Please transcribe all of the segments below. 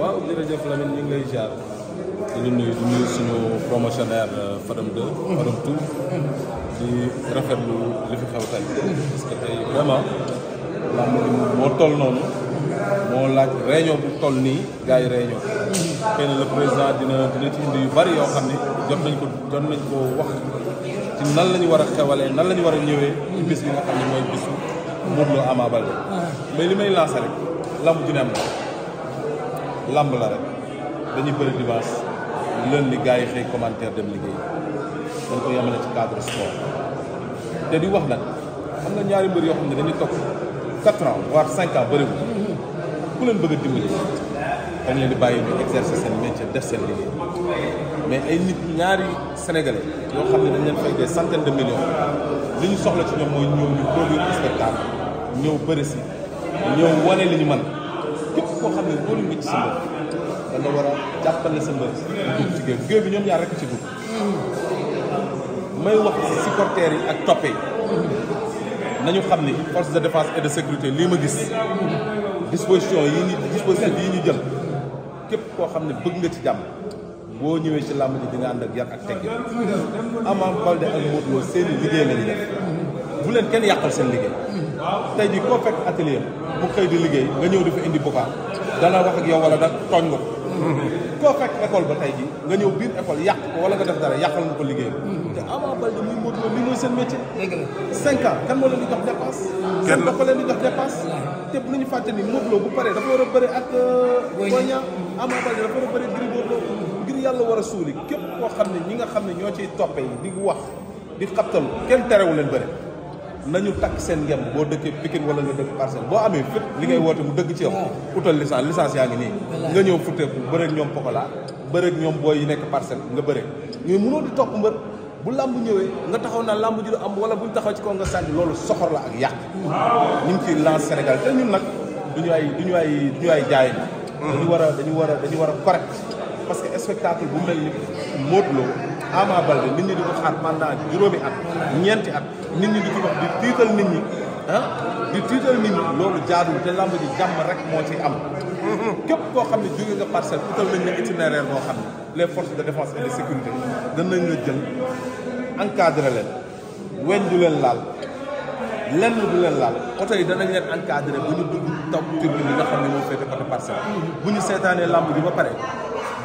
waaw jërëjëf Lamine ñu ngi lay jaar di nuyu di nuyu suñu promotionnaire euh, Fadam 2 Fadam 2 di rafetlu li fi xew tey parce que tey vraiment làmb ji moo toll noonu moo laaj réunion bu toll nii gars yi réunion xëy na le président dina dina ci indi yu bari yoo xam ne jot nañ ko jot nañ ko wax ci nan la ñu war a xewalee nan la ñu war a ñëwee ci bis bi nga xam ne mooy bisu Modou Lo Ama Baldé ah. mais li may lancé rek làmb ji ne am na lamb la rek dañuy bëri dimanche lundi gars yi xëy commentaire dem liggéey dañ ko yemale ci cadre sport te di wax nag am na ñaari mbër yoo xam ne dañuy toog quatre ans voire cinq ans bëriwul ku leen bëgg a dimbali dañ leen di bàyyi ñu exercer seen métier def seen liggéey mais ay nit ñaari sénégalais yoo xam ne dañ leen fay des de millions li ñu soxla ci ñoom mooy ñëw ñu produire spectacle ñëw bëri si ñëw wane li ñu mën képp koo xam ne wóolu nga ci sa mbër dana war a jàppale sa mbër dugg ci géew géew bi ñoom ñaar rek ci dugg may wax supporters yi ak toppe nañu xam ni force de défense et de sécurité lii ma gis disposition yi ñu disposition yi ñu jël képp koo xam ne bëgg nga ci jàmm boo ñëwee ci làmb ji di nga ànd ak yar ak teggin Ama Baldé ak Modou Lo seeni liggéey lañu def bu leen kenn yàqal seen liggéey tey jii koo fekk atelier bu xëy di liggéey nga ñëw dafa indi bokaat dana wax ak yow wala da tooñ nga ko koo fekk école ba tey jii nga ñëw biir école yàq ko wala nga def dara yàqal nga ko liggéey te Ama Baldé muy Modou Lô lii mooy seen métier cinq ans moo leen di jox dépense kenn dafa leen di jox dépense te bu nañu fàtte ni Modou Lô bu paree dafa war a bëri ak euh, Boy am Ama Baldé dafa war a bëri Gris Bordeaux ngir yàlla war a suuli képp koo xam ne ñi nga xam ne ñoo ciy toppe yi di wax di xabtalu kenn terewu leen bëri nañu takk seen ngem boo dëkkee Pikine wala nga dëkk parcelle boo amee fit li ngay woote mu dëgg ci yow utal licence licence yaa ngi nii nga ñëw futteeku bëreeg ñoom pokola bëreeg ñoom booy nekk parcelle nga bëreeg mais mënoo di topp mbër bu làmb ñëwee nga taxaw naa làmb ji du am wala buñ taxaw ci kaw nga sànni loolu soxor la ak yàq ñu ngi ciy lance Sénégal te ñun nag du duñu ay duñu ay duñu ay jaay dañu war dañu war a dañu war a correct parce que spectacle bu mel ni Modou Lo Ama Baldé nit ñi di ko xaar pendant juróomi at ñeenti at nit ñi di ci di tiital nit ñi ah di tiital nit ñi loolu jaadul te lamb ji jàmm rek moo ci am mm-hmm. képp koo xam ne jóge nga parcelle utal nañ la itinéraire boo xam ne les forces de défense et de sécurité danañ la jël encadré leen weñ du leen laal lenn du leen laal oto yi danañ leen encadré bu ñu dugg taw tur bi nga xam ne moo see côté parcelle mm-hmm. bu ñu seetaanee làmb ji ba pare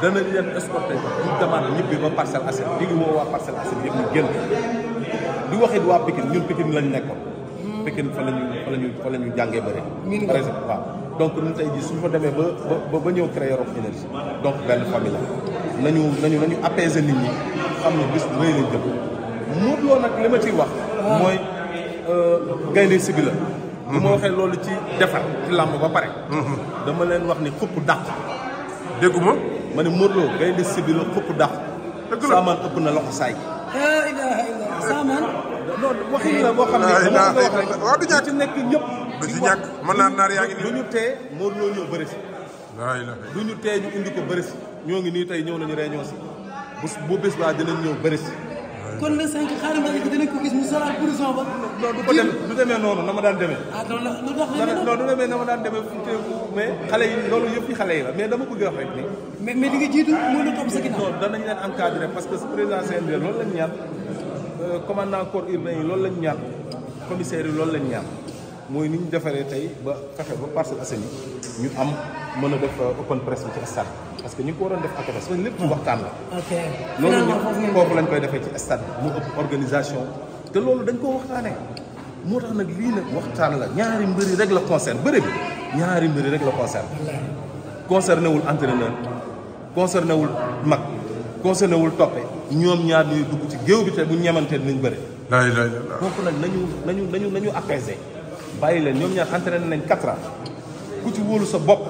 danañ leen escorté di demande ñibbi ba Parcelles Assainies di ngi woo waa Parcelles Assainies yëpp ñu génn di waxit waa Pikine ñun Pikine lañ nekkoon hmm. Pikine fa la ñu fa la ñu fa la ñu jàngee bëri par exemple waaw donc ñun tey jii suñu fa demee ba ba ba ñëw créer Rock Énergie donc benn famille la nañu nañu nañu apaiser nit ñi xam ne bis rëy lañ jëm Modou Lo nag li ma ciy wax mooy euh, gaynde si bi la bu ma hmm. waxee loolu ci defar ci làmb ba pare hmm. dama leen wax ni xupp dàq dégguma mane ne Modou Lo gaynde sibi la xëpp saamaan ëpp na loxo saay laa la boo xam ne waaw du ñàkk ci nekk ñëpp du ci ñàkk mën naa naar yaa ngi du ñu tee Modou ñëw bëri si du ñu tee ñu indi ko bëri si ñoo ngi nii tey ñëw nañu réunion si bu bu bés baa dinañ ñëw bëri si kon le 5 xaaral ma dina ko ba. non du ko dem du demee noonu na ma daan demee. ah non non du demee na ma daan demee fu teeku mais xale yi loolu yëpp ci xale yi la mais dama bëgg wax rek ni. mais mais di nga jiitu moo la sa ginnaaw. non danañ leen encadré parce que président CNG loolu lañ ñaan euh, commandant corps urbain yi loolu lañ ñaan commissaire yi loolu lañ ñaan mooy ni ñu defaree tey ba fexe ba Parcelles Assainies ñu am. mën a def euh, open press bi ci stade parce que ñu ko waroon def ACATAS lépp ci waxtaan la. ok loolu lañ koy defee ci stade bi mu ëpp organisation te loolu dañ koo waxtaanee moo tax nag lii nag waxtaan la ñaari mbëri rek la concerne bëri bi ñaari mbëri rek la concerne. concerné wul entraîneur concerné wul mag concerné wul toppe ñoom ñaar ñuy dugg ci géew bi te bu ñemantee dinañ bëri. laay laay laay donc nag nañu nañu nañu nañu apaiser bàyyi leen ñoom ñaar entraîné nañ quatre ans ku ci wóolu sa bopp.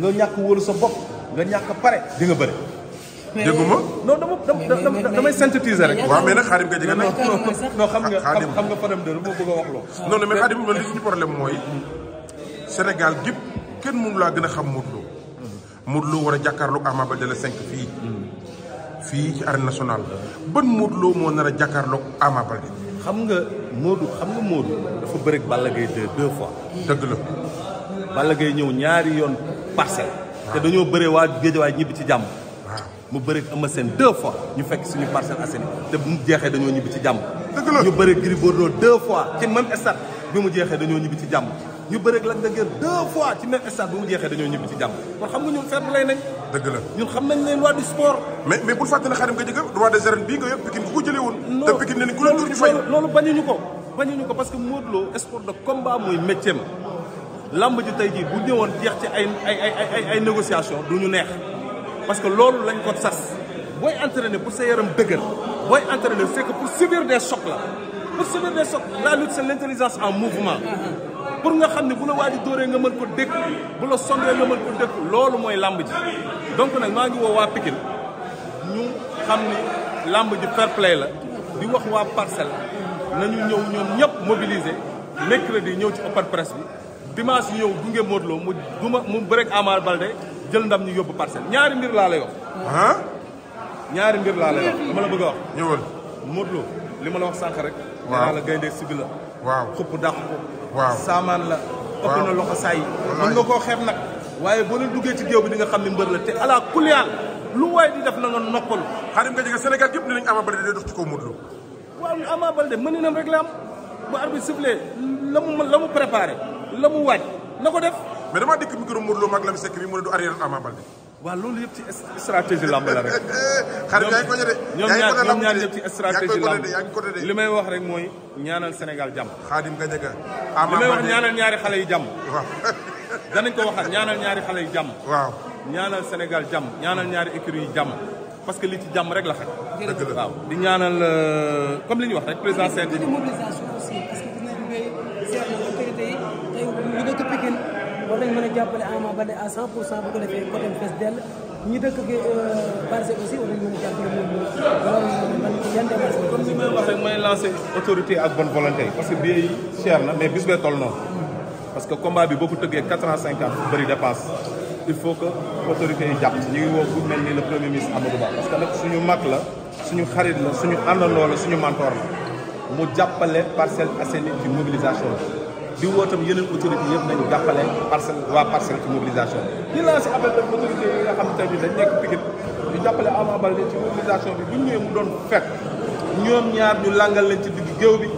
nga ñàkk wóolu sa bopp nga ñàkk pare di nga bëri. dégguma non dama dama damay synthétiser rek. waa mais nag xaarim nga jege nag. non xam nga xam nga Fadam de lu ma bëgg loo. non non mais xaarim li suñu problème mooy Sénégal gépp kenn mënu laa gën a xam Modou Lo. war a jàkkaarloog Ama Baldé la 5 fii. fii ci arène nationale ban Modou Lo moo nar a jàkkaarloog Ama Baldé. xam nga Modou xam nga Modou dafa bëri ak Balla Gaye deux dëgg la. Balla Gaye ñëw ñaari yoon parcelle te dañoo bëree waa géejawaay ñibbi ci jàmm mu bëri Eumeu Sène deux fois ñu fekk suñu Parcelles Assainies te bu mu jeexee dañoo ñibbi ci jàmm ñu bëri Gris Bordeaux deux fois ci même stade bi mu jeexee dañoo ñibbi ci jàmm ñu bëri Lac de Guiers deux fois ci même stade bi mu jeexee dañoo ñibbi ci jàmm kon xam nga ñun ferme lay nañ dëgg la ñun xam nañ ne loi du sport mais mais bul fàtte ne nga jëkk roi nga yëpp Pikine ku ko jëlee woon ñu ko bañuñu ko parce que Modou Lo sport de combat mooy lamb ji tay ji bu ñewon jeex ci ay ay ay ay négociation du ñu neex parce que loolu lañ ko sas boy entraîner pour sa yaram dëgër boy entraîner c'est que pour subir des chocs la pour subir des chocs la lutte c'est l'intelligence en mouvement pour nga xamni bu la waa ji nga mën ko dëkk bu la sondee nga mën ko dëkk loolu mooy lamb ji donc nag maa ngi wo waa Pikine ñu xam ni lamb ji fair play la di wax waa Parcelles nañu ñëw ñoom ñëpp mobiliser mercredi ñëw ci open presse bi dimanche ñëw gunge Modou Lo mu duma mu bëreeg Ama Baldé jël ndam ñu yóbbu parcelle ñaari mbir laa lay wax. ah. ñaari mbir laa lay wax dama la bëgg a wax. ñëwal Modou Lo li ma la wax sànq rek. waaw nee naa la gaynde sibi ko. waaw saamaan la. waaw ëpp na loxo saa yi. mën nga koo xeeb nag. waaye boo ne duggee ci géew bi di nga xam ne mbër la te ala kulli aal lu waay di def na nga noppalu. xaaral nga jege Sénégal yëpp dinañ Ama Baldé day dox ci kaw Modou Lo. waaw Ama Baldé mën nam rek la am bu arbitre sifflé la mu la mu préparé la mu waaj na ko def. mais dama dikk micro Modou Lo mag la mi sekk bi mu ne du arrière Ama Baldé. waaw loolu yëpp ci stratégie lamb la rek. xarit yaa ngi ko de. ñoom li may wax rek mooy ñaanal Sénégal jàmm. xaadim nga njëkk a. li may wax ñaanal ñaari xale yi jàmm. waaw. danañ ko waxaat ñaanal ñaari xale yi jàmm. waaw ñaanal Sénégal jàmm ñaanal ñaari écurie yi jàmm parce que li ci jàmm rek la xaj. waaw di ñaanal euh, comme li ñu wax rek président Sène jàppale Ama Baldé à 100 pour cent bu ko defee côté fees dell ñi dëkk gi Parcelles euh, aussi on nañu mën a jàppale loolu man comme ni may wax rek may lancer autorité ak bonne volonté parce que billet cher na mais bis bee toll noonu parce que combat bi boo ko tëggee quatre ans cinquante dépasse il faut que autorité yi jàpp ñu ngi wo ku mel le premier ministre Amadou Ba parce que nag suñu mak la suñu xarit la suñu àndandoo la suñu mentor la mu jàppale Parcelles Assainies ci mobilisation di woo itam yeneen autorités yëpp nañu jàppale parcelle waa parcelle ci mobilisation bi. di lancé appel tam autorités yi nga xam te ni dañ nekk Pikine ñu jàppale Ama Baldé ci mobilisation bi bu ñu ñëwee mu doon fekk ñoom ñaar ñu langal leen ci digg géew bi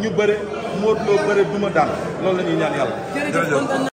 ñu bëre Modou Lo bëre duma daan loolu la ñuy ñaan yàlla.